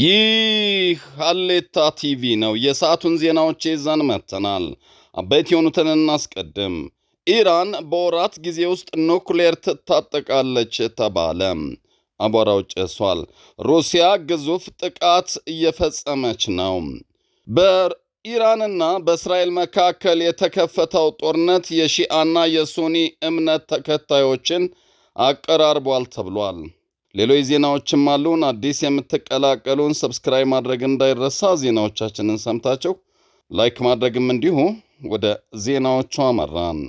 ይህ ሀሌታ ቲቪ ነው። የሰዓቱን ዜናዎች ይዘን መጥተናል። አበይት የሆኑትን እናስቀድም። ኢራን በወራት ጊዜ ውስጥ ኑክሌር ትታጠቃለች ተባለ። አቧራው ጨሷል። ሩሲያ ግዙፍ ጥቃት እየፈጸመች ነው። በኢራንና በእስራኤል መካከል የተከፈተው ጦርነት የሺአና የሱኒ እምነት ተከታዮችን አቀራርቧል ተብሏል። ሌሎች ዜናዎችም አሉን። አዲስ የምትቀላቀሉን ሰብስክራይብ ማድረግ እንዳይረሳ። ዜናዎቻችንን ሰምታችሁ ላይክ ማድረግም እንዲሁ። ወደ ዜናዎቹ አመራን።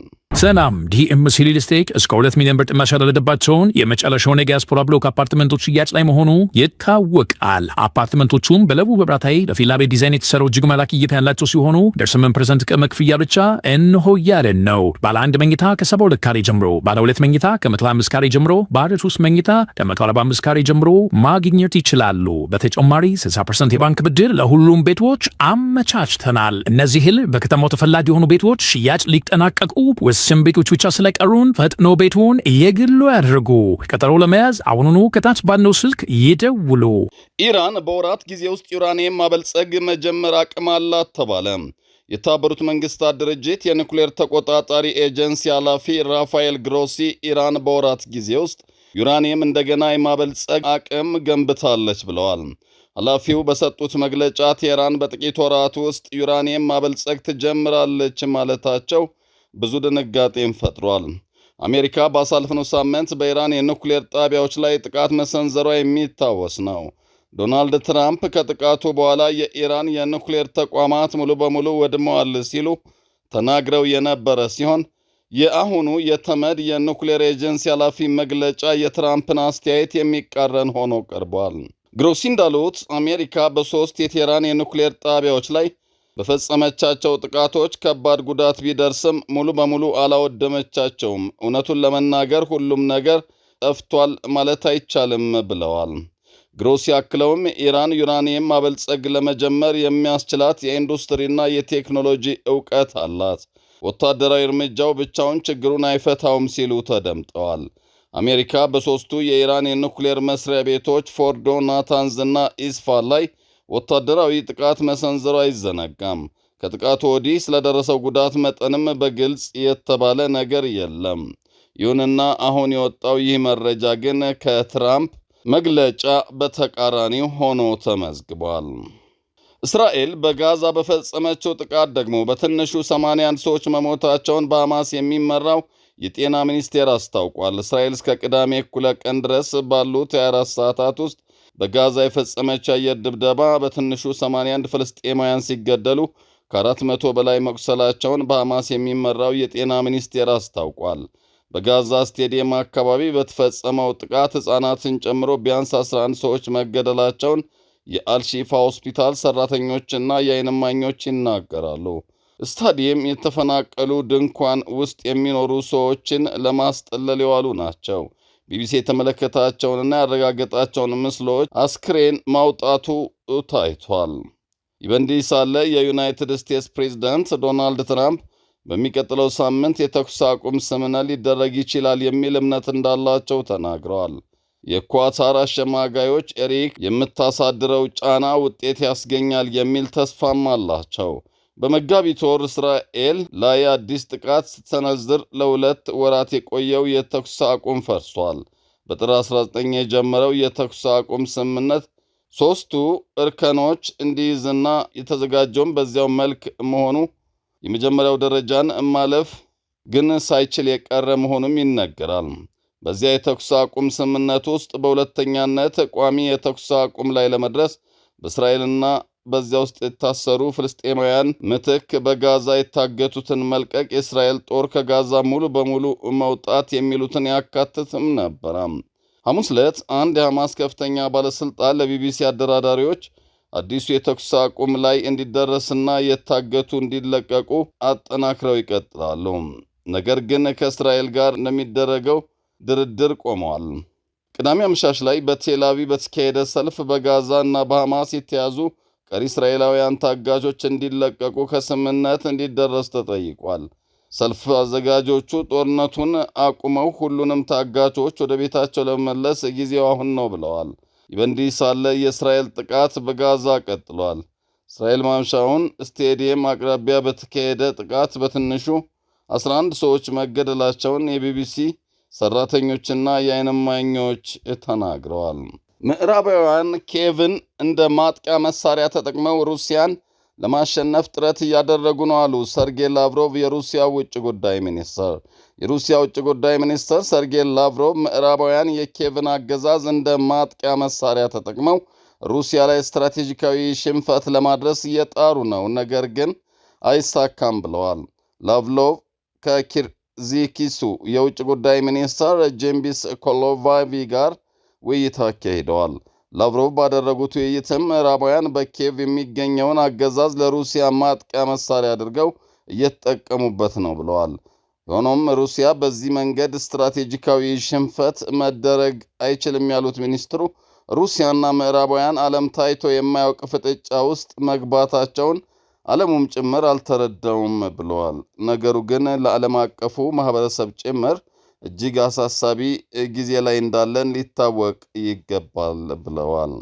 ሰላም ዲኤምሲ ሪል ስቴት እስከ ሁለት ሚሊዮን ብር ጥመሻ ጥማሽ ሲሆን የመጨረሻውን የዲያስፖራ ብሎክ አፓርትመንቶች ሽያጭ ላይ መሆኑ ይታወቃል። አፓርትመንቶቹም በለቡ በብራታይ ለፊላ ቤት ዲዛይን የተሰሩ እጅግ መላክ እይታ ያላቸው ሲሆኑ ደርስምን ፐርሰንት ቅድመ ክፍያ ብቻ እንሆ ያለን ነው። ባለ አንድ መኝታ ከሰባ ሁለት ካሬ ጀምሮ፣ ባለ ሁለት መኝታ ከመቶ አምስት ካሬ ጀምሮ፣ ባለ ሶስት መኝታ ከመቶ አርባ አምስት ካሬ ጀምሮ ማግኘት ይችላሉ። በተጨማሪ ስልሳ ፐርሰንት የባንክ ብድር ለሁሉም ቤቶች አመቻችተናል። እነዚህል በከተማው ተፈላጊ የሆኑ ቤቶች ሽያጭ ሊጠናቀቁ ወስ ውስን ቤቶች ብቻ ስለቀሩን ፈጥኖ ቤቱን የግሉ ያድርጉ። ቀጠሮ ለመያዝ አሁኑኑ ከታች ባለው ስልክ ይደውሉ። ኢራን በወራት ጊዜ ውስጥ ዩራኒየም ማበልጸግ መጀመር አቅም አላት ተባለ። የተባበሩት መንግስታት ድርጅት የኒኩሌር ተቆጣጣሪ ኤጀንሲ ኃላፊ ራፋኤል ግሮሲ ኢራን በወራት ጊዜ ውስጥ ዩራኒየም እንደገና የማበልጸግ አቅም ገንብታለች ብለዋል። ኃላፊው በሰጡት መግለጫ ቴህራን በጥቂት ወራት ውስጥ ዩራኒየም ማበልጸግ ትጀምራለች ማለታቸው ብዙ ድንጋጤም ፈጥሯል። አሜሪካ ባሳለፍነው ሳምንት በኢራን የኑክሌር ጣቢያዎች ላይ ጥቃት መሰንዘሯ የሚታወስ ነው። ዶናልድ ትራምፕ ከጥቃቱ በኋላ የኢራን የኑክሌር ተቋማት ሙሉ በሙሉ ወድመዋል ሲሉ ተናግረው የነበረ ሲሆን የአሁኑ የተመድ የኑክሌር ኤጀንሲ ኃላፊ መግለጫ የትራምፕን አስተያየት የሚቃረን ሆኖ ቀርቧል። ግሮሲ እንዳሉት አሜሪካ በሦስት የቴህራን የኑክሌር ጣቢያዎች ላይ በፈጸመቻቸው ጥቃቶች ከባድ ጉዳት ቢደርስም ሙሉ በሙሉ አላወደመቻቸውም። እውነቱን ለመናገር ሁሉም ነገር ጠፍቷል ማለት አይቻልም ብለዋል። ግሮስ ያክለውም ኢራን ዩራኒየም ማበልጸግ ለመጀመር የሚያስችላት የኢንዱስትሪና የቴክኖሎጂ እውቀት አላት። ወታደራዊ እርምጃው ብቻውን ችግሩን አይፈታውም ሲሉ ተደምጠዋል። አሜሪካ በሦስቱ የኢራን የኑክሌር መስሪያ ቤቶች ፎርዶ፣ ናታንዝ እና ኢስፋሃን ላይ ወታደራዊ ጥቃት መሰንዘሩ አይዘነጋም። ከጥቃቱ ወዲህ ስለደረሰው ጉዳት መጠንም በግልጽ የተባለ ነገር የለም። ይሁንና አሁን የወጣው ይህ መረጃ ግን ከትራምፕ መግለጫ በተቃራኒ ሆኖ ተመዝግቧል። እስራኤል በጋዛ በፈጸመችው ጥቃት ደግሞ በትንሹ 81 ሰዎች መሞታቸውን በሐማስ የሚመራው የጤና ሚኒስቴር አስታውቋል። እስራኤል እስከ ቅዳሜ እኩለ ቀን ድረስ ባሉት 24 ሰዓታት ውስጥ በጋዛ የፈጸመች አየር ድብደባ በትንሹ 81 ፍልስጤማውያን ሲገደሉ ከአራት መቶ በላይ መቁሰላቸውን በሐማስ የሚመራው የጤና ሚኒስቴር አስታውቋል። በጋዛ ስቴዲየም አካባቢ በተፈጸመው ጥቃት ሕፃናትን ጨምሮ ቢያንስ 11 ሰዎች መገደላቸውን የአልሺፋ ሆስፒታል ሠራተኞችና የአይንማኞች ይናገራሉ። ስታዲየም የተፈናቀሉ ድንኳን ውስጥ የሚኖሩ ሰዎችን ለማስጠለል የዋሉ ናቸው። ቢቢሲ የተመለከታቸውንና ያረጋገጣቸውን ምስሎች አስክሬን ማውጣቱ ታይቷል። ይህ በእንዲህ ሳለ የዩናይትድ ስቴትስ ፕሬዚደንት ዶናልድ ትራምፕ በሚቀጥለው ሳምንት የተኩስ አቁም ስምምነት ሊደረግ ይችላል የሚል እምነት እንዳላቸው ተናግረዋል። የኳታር አሸማጋዮች ኤሪክ የምታሳድረው ጫና ውጤት ያስገኛል የሚል ተስፋም አላቸው። በመጋቢት ወር እስራኤል ላይ አዲስ ጥቃት ስትሰነዝር ለሁለት ወራት የቆየው የተኩስ አቁም ፈርሷል። በጥር 19 የጀመረው የተኩስ አቁም ስምምነት ሦስቱ እርከኖች እንዲይዝና የተዘጋጀውን በዚያው መልክ መሆኑ የመጀመሪያው ደረጃን ማለፍ ግን ሳይችል የቀረ መሆኑም ይነገራል። በዚያ የተኩስ አቁም ስምምነት ውስጥ በሁለተኛነት ቋሚ የተኩስ አቁም ላይ ለመድረስ በእስራኤልና በዚያ ውስጥ የታሰሩ ፍልስጤማውያን ምትክ በጋዛ የታገቱትን መልቀቅ፣ የእስራኤል ጦር ከጋዛ ሙሉ በሙሉ መውጣት የሚሉትን ያካትትም ነበረ። ሐሙስ ዕለት አንድ የሐማስ ከፍተኛ ባለሥልጣን ለቢቢሲ አደራዳሪዎች አዲሱ የተኩስ አቁም ላይ እንዲደረስና የታገቱ እንዲለቀቁ አጠናክረው ይቀጥላሉ፣ ነገር ግን ከእስራኤል ጋር እንደሚደረገው ድርድር ቆመዋል። ቅዳሜ አመሻሽ ላይ በቴል አቪቭ በተካሄደ ሰልፍ በጋዛ እና በሐማስ የተያዙ ቀሪ እስራኤላውያን ታጋቾች እንዲለቀቁ ከስምነት እንዲደረስ ተጠይቋል። ሰልፍ አዘጋጆቹ ጦርነቱን አቁመው ሁሉንም ታጋቾች ወደ ቤታቸው ለመመለስ ጊዜው አሁን ነው ብለዋል። ይህ በእንዲህ ሳለ የእስራኤል ጥቃት በጋዛ ቀጥሏል። እስራኤል ማምሻውን ስቴዲየም አቅራቢያ በተካሄደ ጥቃት በትንሹ 11 ሰዎች መገደላቸውን የቢቢሲ ሰራተኞችና የዓይን እማኞች ተናግረዋል። ምዕራባውያን ኬቭን እንደ ማጥቂያ መሳሪያ ተጠቅመው ሩሲያን ለማሸነፍ ጥረት እያደረጉ ነው አሉ ሰርጌይ ላቭሮቭ የሩሲያ ውጭ ጉዳይ ሚኒስትር። የሩሲያ ውጭ ጉዳይ ሚኒስትር ሰርጌይ ላቭሮቭ ምዕራባውያን የኬቭን አገዛዝ እንደ ማጥቂያ መሳሪያ ተጠቅመው ሩሲያ ላይ ስትራቴጂካዊ ሽንፈት ለማድረስ እየጣሩ ነው፣ ነገር ግን አይሳካም ብለዋል። ላቭሎቭ ከኪርዚኪሱ የውጭ ጉዳይ ሚኒስትር ጄምቢስ ኮሎቫቪ ጋር ውይይት አካሂደዋል። ላቭሮቭ ባደረጉት ውይይትም ምዕራባውያን በኪየቭ የሚገኘውን አገዛዝ ለሩሲያ ማጥቂያ መሳሪያ አድርገው እየተጠቀሙበት ነው ብለዋል። ሆኖም ሩሲያ በዚህ መንገድ ስትራቴጂካዊ ሽንፈት መደረግ አይችልም ያሉት ሚኒስትሩ ሩሲያና ምዕራባውያን ዓለም ታይቶ የማያውቅ ፍጥጫ ውስጥ መግባታቸውን ዓለሙም ጭምር አልተረዳውም ብለዋል። ነገሩ ግን ለዓለም አቀፉ ማኅበረሰብ ጭምር እጅግ አሳሳቢ ጊዜ ላይ እንዳለን ሊታወቅ ይገባል ብለዋል።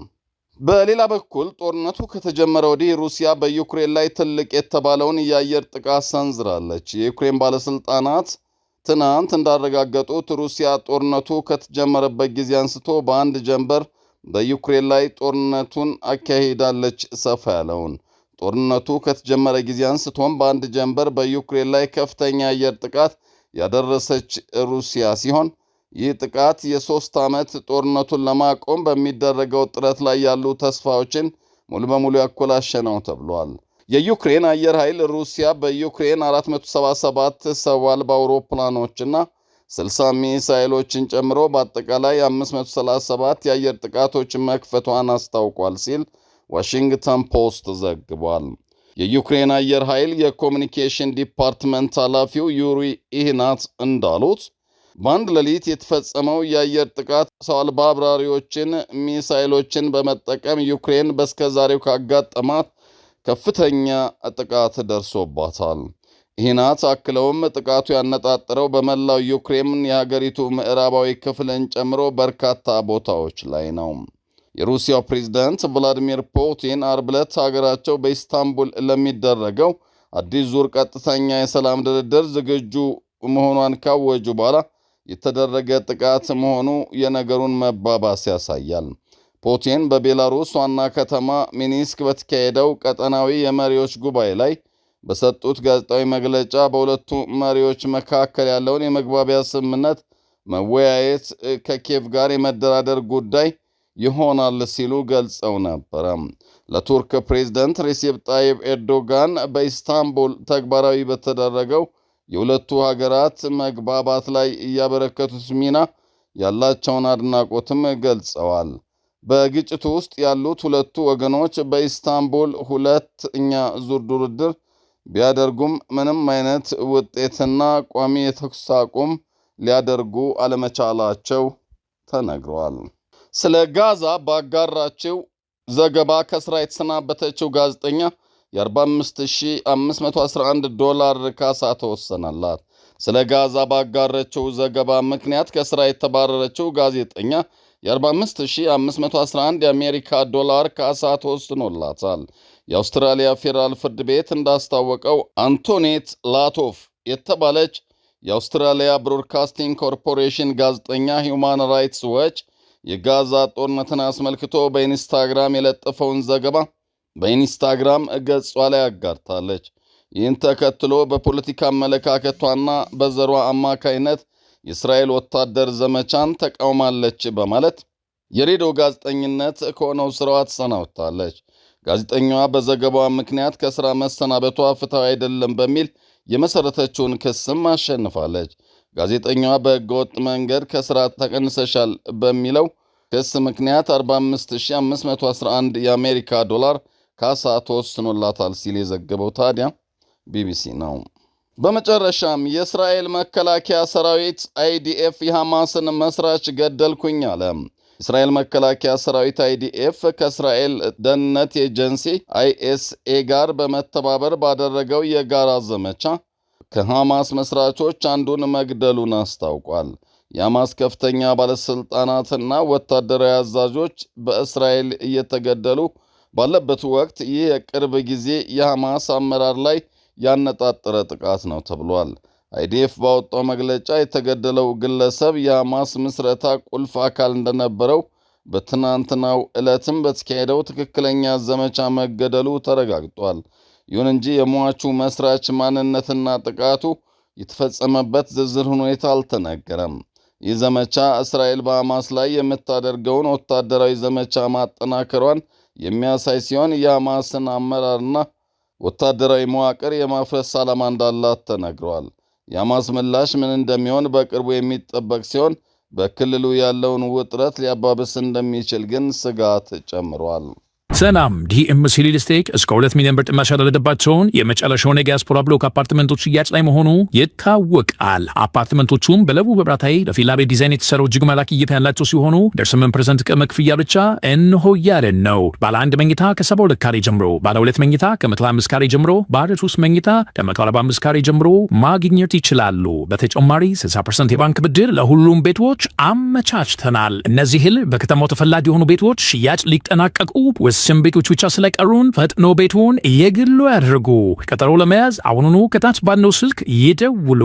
በሌላ በኩል ጦርነቱ ከተጀመረ ወዲህ ሩሲያ በዩክሬን ላይ ትልቅ የተባለውን የአየር ጥቃት ሰንዝራለች። የዩክሬን ባለሥልጣናት ትናንት እንዳረጋገጡት ሩሲያ ጦርነቱ ከተጀመረበት ጊዜ አንስቶ በአንድ ጀንበር በዩክሬን ላይ ጦርነቱን አካሂዳለች። ሰፋ ያለውን ጦርነቱ ከተጀመረ ጊዜ አንስቶም በአንድ ጀንበር በዩክሬን ላይ ከፍተኛ የአየር ጥቃት ያደረሰች ሩሲያ ሲሆን ይህ ጥቃት የሦስት ዓመት ጦርነቱን ለማቆም በሚደረገው ጥረት ላይ ያሉ ተስፋዎችን ሙሉ በሙሉ ያኮላሸ ነው ተብሏል። የዩክሬን አየር ኃይል ሩሲያ በዩክሬን 477 ሰው አልባ አውሮፕላኖችና 60 ሚሳይሎችን ጨምሮ በአጠቃላይ 537 የአየር ጥቃቶችን መክፈቷን አስታውቋል ሲል ዋሽንግተን ፖስት ዘግቧል። የዩክሬን አየር ኃይል የኮሚኒኬሽን ዲፓርትመንት ኃላፊው ዩሪ ኢህናት እንዳሉት በአንድ ሌሊት የተፈጸመው የአየር ጥቃት ሰው አልባ አብራሪዎችን ሚሳይሎችን በመጠቀም ዩክሬን በስከዛሬው ካጋጠማት ከፍተኛ ጥቃት ደርሶባታል። ኢህናት አክለውም ጥቃቱ ያነጣጠረው በመላው ዩክሬን የሀገሪቱ ምዕራባዊ ክፍልን ጨምሮ በርካታ ቦታዎች ላይ ነው። የሩሲያው ፕሬዝዳንት ቭላዲሚር ፑቲን አርብ ዕለት ሀገራቸው በኢስታንቡል ለሚደረገው አዲስ ዙር ቀጥተኛ የሰላም ድርድር ዝግጁ መሆኗን ካወጁ በኋላ የተደረገ ጥቃት መሆኑ የነገሩን መባባስ ያሳያል። ፑቲን በቤላሩስ ዋና ከተማ ሚኒስክ በተካሄደው ቀጠናዊ የመሪዎች ጉባኤ ላይ በሰጡት ጋዜጣዊ መግለጫ በሁለቱ መሪዎች መካከል ያለውን የመግባቢያ ስምምነት መወያየት ከኬቭ ጋር የመደራደር ጉዳይ ይሆናል ሲሉ ገልጸው ነበረ። ለቱርክ ፕሬዝደንት ሬሴፕ ጣይብ ኤርዶጋን በኢስታንቡል ተግባራዊ በተደረገው የሁለቱ ሀገራት መግባባት ላይ እያበረከቱት ሚና ያላቸውን አድናቆትም ገልጸዋል። በግጭቱ ውስጥ ያሉት ሁለቱ ወገኖች በኢስታንቡል ሁለተኛ ዙር ድርድር ቢያደርጉም ምንም አይነት ውጤትና ቋሚ የተኩስ አቁም ሊያደርጉ አለመቻላቸው ተነግረዋል። ስለ ጋዛ ባጋራችው ዘገባ ከስራ የተሰናበተችው ጋዜጠኛ የ45511 ዶላር ካሳ ተወሰነላት። ስለ ጋዛ ባጋረችው ዘገባ ምክንያት ከስራ የተባረረችው ጋዜጠኛ የ45511 የአሜሪካ ዶላር ካሳ ተወስኖላታል። የአውስትራሊያ ፌዴራል ፍርድ ቤት እንዳስታወቀው አንቶኔት ላቶፍ የተባለች የአውስትራሊያ ብሮድካስቲንግ ኮርፖሬሽን ጋዜጠኛ ሂውማን ራይትስ ዎች የጋዛ ጦርነትን አስመልክቶ በኢንስታግራም የለጠፈውን ዘገባ በኢንስታግራም ገጿ ላይ አጋርታለች። ይህን ተከትሎ በፖለቲካ አመለካከቷና በዘሯ አማካይነት የእስራኤል ወታደር ዘመቻን ተቃውማለች በማለት የሬዲዮ ጋዜጠኝነት ከሆነው ስራዋ ትሰናውታለች። ጋዜጠኛዋ በዘገባዋ ምክንያት ከስራ መሰናበቷ ፍትሐዊ አይደለም በሚል የመሠረተችውን ክስም አሸንፋለች። ጋዜጠኛዋ በህገወጥ መንገድ ከስራ ተቀንሰሻል በሚለው ክስ ምክንያት 45511 የአሜሪካ ዶላር ካሳ ተወስኖላታል ሲል የዘገበው ታዲያ ቢቢሲ ነው። በመጨረሻም የእስራኤል መከላከያ ሰራዊት አይዲኤፍ የሐማስን መስራች ገደልኩኝ አለ። እስራኤል መከላከያ ሰራዊት አይዲኤፍ ከእስራኤል ደህንነት ኤጀንሲ አይኤስኤ ጋር በመተባበር ባደረገው የጋራ ዘመቻ ከሐማስ መሥራቾች አንዱን መግደሉን አስታውቋል። የሐማስ ከፍተኛ ባለሥልጣናትና ወታደራዊ አዛዦች በእስራኤል እየተገደሉ ባለበት ወቅት ይህ የቅርብ ጊዜ የሐማስ አመራር ላይ ያነጣጠረ ጥቃት ነው ተብሏል። አይዲኤፍ ባወጣው መግለጫ የተገደለው ግለሰብ የሐማስ ምስረታ ቁልፍ አካል እንደነበረው በትናንትናው ዕለትም በተካሄደው ትክክለኛ ዘመቻ መገደሉ ተረጋግጧል። ይሁን እንጂ የሟቹ መስራች ማንነትና ጥቃቱ የተፈጸመበት ዝርዝር ሁኔታ አልተነገረም። ይህ ዘመቻ እስራኤል በሐማስ ላይ የምታደርገውን ወታደራዊ ዘመቻ ማጠናከሯን የሚያሳይ ሲሆን የሐማስን አመራርና ወታደራዊ መዋቅር የማፍረስ ዓላማ እንዳላት ተነግረዋል። የሐማስ ምላሽ ምን እንደሚሆን በቅርቡ የሚጠበቅ ሲሆን በክልሉ ያለውን ውጥረት ሊያባብስ እንደሚችል ግን ስጋት ጨምሯል። ሰላም ዲኤምሲ ሪል ስቴት እስከ ሁለት ሚሊዮን ብር ጥማሽ ያደረገባቸውን የመጨረሻውን የዲያስፖራ ብሎክ አፓርትመንቶች ሽያጭ ላይ መሆኑ ይታወቃል። አፓርትመንቶቹም በለቡ በብራታይ ለፊላ ቤት ዲዛይን የተሰሩ እጅግ መላክ እይታ ያላቸው ሲሆኑ ደርስምን ፐርሰንት ቅድመ ክፍያ ብቻ እንሆ ያለን ነው። ባለ አንድ መኝታ ከሰባ ሁለት ካሬ ጀምሮ፣ ባለ ሁለት መኝታ ከመቶ አምስት ካሬ ጀምሮ፣ ባለ ሶስት መኝታ ከመቶ አርባ አምስት ካሬ ጀምሮ ማግኘት ይችላሉ። በተጨማሪ 60 ፐርሰንት የባንክ ብድር ለሁሉም ቤቶች አመቻችተናል። እነዚህል በከተማው ተፈላጊ የሆኑ ቤቶች ሽያጭ ሊጠናቀቁ ውስን ቤቶች ብቻ ስለቀሩን ፈጥኖ ቤትዎን የግሉ ያድርጉ። ቀጠሮ ለመያዝ አሁኑኑ ከታች ባለው ስልክ ይደውሉ።